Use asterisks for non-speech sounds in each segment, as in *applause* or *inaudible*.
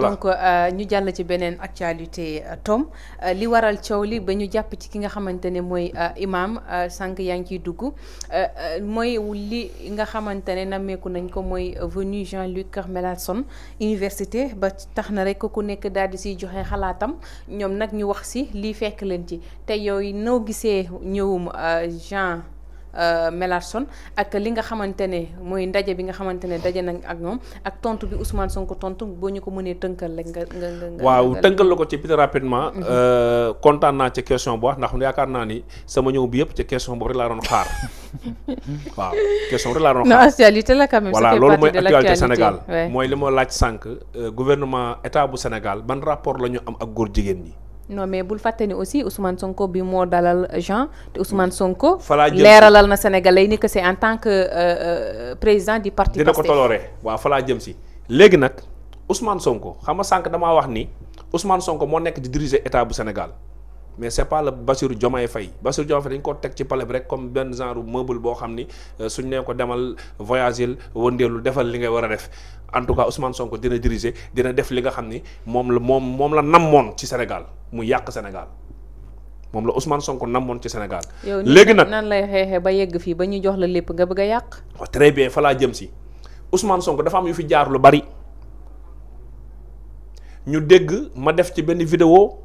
voilà donc euh, ñu jall ci benen actualité euh, Tom euh, li waral coow li ba ñu japp ci ki nga xamante ne imam imaam sànq yaa ngi ciy dugg moy li nga xamantene ne nañ ko moy venu Jean-Luc carmelasson université ba taxna rek ku nekk dal di siy joxe xalatam ñom nak ñu wax ci li fekk leen ci te yooyu noo gisee ñëwum Jean. Euh, Mélenchon ak li nga xamante ne mooy ndaje bi nga xamante ne daje nañ ak ñoom ak tontu bi Ousmane Sonko tontu boo ñu ko mënee tënkal la waaw tënkal la ko ci petit rapidement. Mhm. Euh, kontaan naa ci question bu wax ndax yaakaar naa ni sama ñëw bi yëpp ci question boobu rek laa doon xaar *laughs* waaw question rek laa doon xaar. non voilà loolu mooy actualité Sénégal mooy li ma laaj sànq euh, gouvernement état bu Sénégal ban rapport la ñu am ak góor jigéen ñi. non mais bul aussi Ousmane Sonko bi mo dalal Jean te Ousmane Sonko. L'air na Sénégalais ni que c'est en tant que euh, euh, président du parti. dina ko toloree waaw falaa jëm si. légui nak Ousmane Sonko xama sank dama wax ni Ousmane Sonko mo nek di diriger état bu Sénégal mais c'est pas le Bassirou Diomaye Faye Bassirou Diomaye Faye dañ ko tek ci palais rek comme ben genre meuble bo xamni ni euh, suñ nee ko demal voyage il wëndeelu defal li ngay wara def en tout cas Ousmane Sonko dina diriger dina def li nga xamni mom moom la moom moom la nammoon ci Sénégal mu yak Sénégal mom la Ousmane Sonko namone ci Sénégal. légui nak nan lay xeexee ba yegg fi ba ñu jox la lepp nga bëgg yak yàq. Oh, très bien fa laa jëm ci Ousmane Sonko dafa am yu fi jaar lu bari ñu dégg ma def ci benn vidéo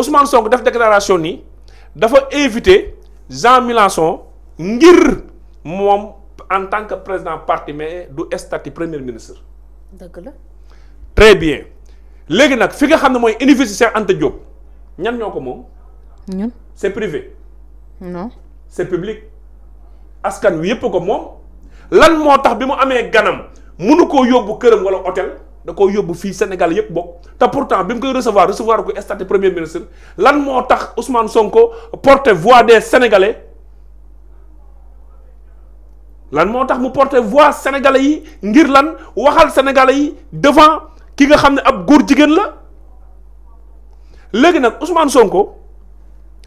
Ousmane Sonko def déclaration ni dafa invité Jean Mélenchon ngir mom en tant que président parti mais du statut premier ministre. deug la. très bien légui nak fi nga xamné moy université Cheikh Anta Diop ñan ñoko mom ñun c'est privé. non c'est public. askan wi yépp ko mom lan moo tax bi mu ganam mënu ko yobbu kërëm wala hôtel da koo yóbbu fii Sénégal yëpp bon te pourtant bien que koy recevoir recevoir ko statut premier ministre lan moo tax Ousmane Sonko porte voix des sénégalais lan moo tax mu porte voix sénégalais yi ngir lan waxal sénégalais yi devant ki nga xam ne ab góor jigéen la léegi nag Ousmane Sonko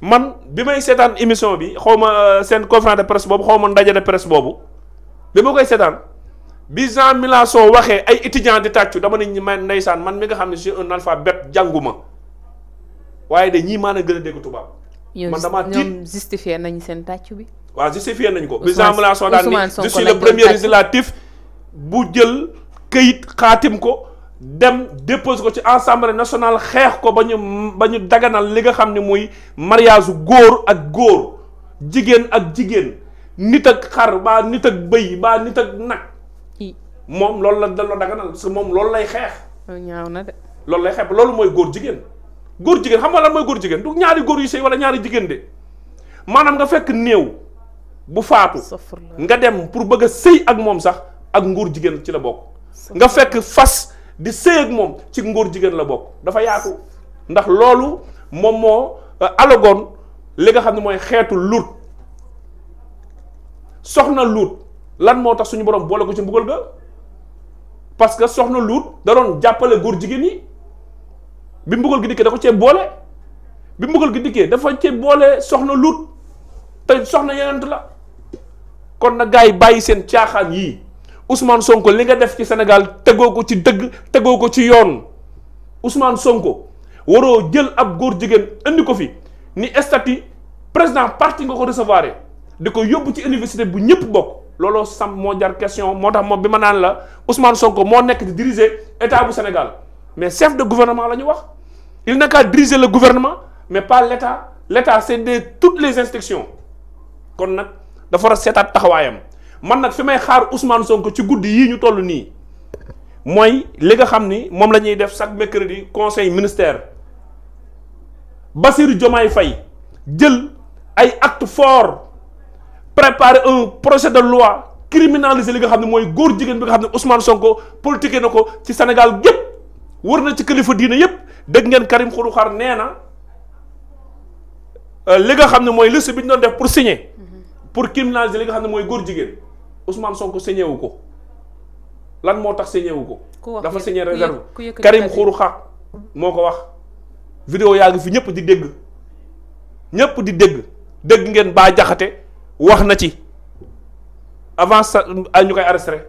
man bi sétane émission bi xawma euh, sen conférence de presse bobu xawma ma ndaje de presse bobu bi koy bi Jean Mélenchon waxee ay étudiants di tàccu dama ne man ndeysaan man mi nga xam ne je suis un analphabète jànguma waaye de ñii maanaam gën a dégg tubaab. man damaa tiit ñoom justifié nañ seen tàccu bi. waaw justifié nañ ko. bi Jean Mélenchon daal ni je suis le premier législatif bu jël këyit xaatim ko. dem dépose ko ci assemblée national xeex ko ba ñu ba ñu daganal li nga xam ne muy mariage góor ak góor jigéen ak jigéen nit ak xar baa nit ak bëy baa nit ak nag moom loolu la da la daganal parce moom loolu lay xeex. na loolu lay xeex loolu mooy góor jigéen góor jigéen xam nga lan mooy góor jigéen du ñaari góor yu sëy wala ñaari jigéen de maanaam nga fekk néew bu faatu. nga dem pour bëgg a sëy ak moom sax ak ngóor jigéen ci la bokk. nga fekk fas di sëy ak moom ci ngóor jigéen la bokk dafa yaatu. ndax loolu moom moo euh, alagoon li nga xam ne mooy xeetu luut soxna luut lan moo tax suñu borom boole ko ci mbugal ga. parce que soxna luut da doon jàppale góor jigéen yi bi mbugal gi dikkee da ko cee boole bi mbugal gi dikkee dafa cee boole soxna luut te soxna yonent la kon na gars yi bàyyi seen caaxaan yii Ousmane Sonko li nga def ci Sénégal tegoo ko ci dëgg tegoo ko ci yoon Ousmane Sonko waroo jël ab góor jigéen indi ko fi ni statut président parti nga ko recevoir di ko yóbbu ci université bu ñëpp bokk. lolo sam mo jar question motax tax bima nan la Ousmane Sonko mo nek di diriger état bu Sénégal mais chef de gouvernement lañu wax il n'a qu'à diriger le gouvernement mais pas l' état c'est état de toutes les institutions kon nak da fa a seetaat taxawaayam man nak fimay xaar Ousmane Sonko ci goudi yi ñu tollu ni moy li nga xamni mom lañuy def chaque mercredi conseil ministère Bassirou Diomaye fay jël ay actes forts préparer un projet de loi criminaliser li nga xamne moy goor jigen bi nga xamne Ousmane Sonko politiquer nako ci Sénégal yépp wër na ci kilifa diina yépp deg ngeen Karim Khourou Khar néna euh, li nga xamne moy liste biñ doon def pour signer pour criminaliser li nga xamne moy goor jigen Ousmane Sonko signé wuko lan motax signé wu ko dafa signé réserve Karim Khourou Khar moko wax vidéo yaagi fi ñepp di dégg ñepp di dégg dégg ngeen ba jaxaté wax na ci avant sa ñu koy arrêté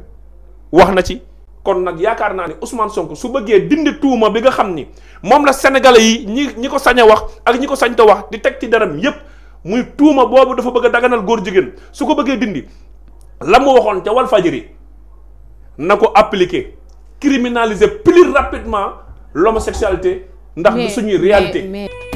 wax na ci kon nag yaakaar naa ne Ousmane Sonko su bëggee dindi tuuma bi nga xam ni moom la sénégalais yi ñi ñi ko sañ a wax ak ñi ko sañ ta wax di teg ci daram yépp muy tuuma boobu dafa bëgg a daganal góor jigéen su ko bëggee dindi la mu waxoon ca wal fajiri na ko appliquer criminaliser plus rapidement l'homosexualité ndax du suñuy réalité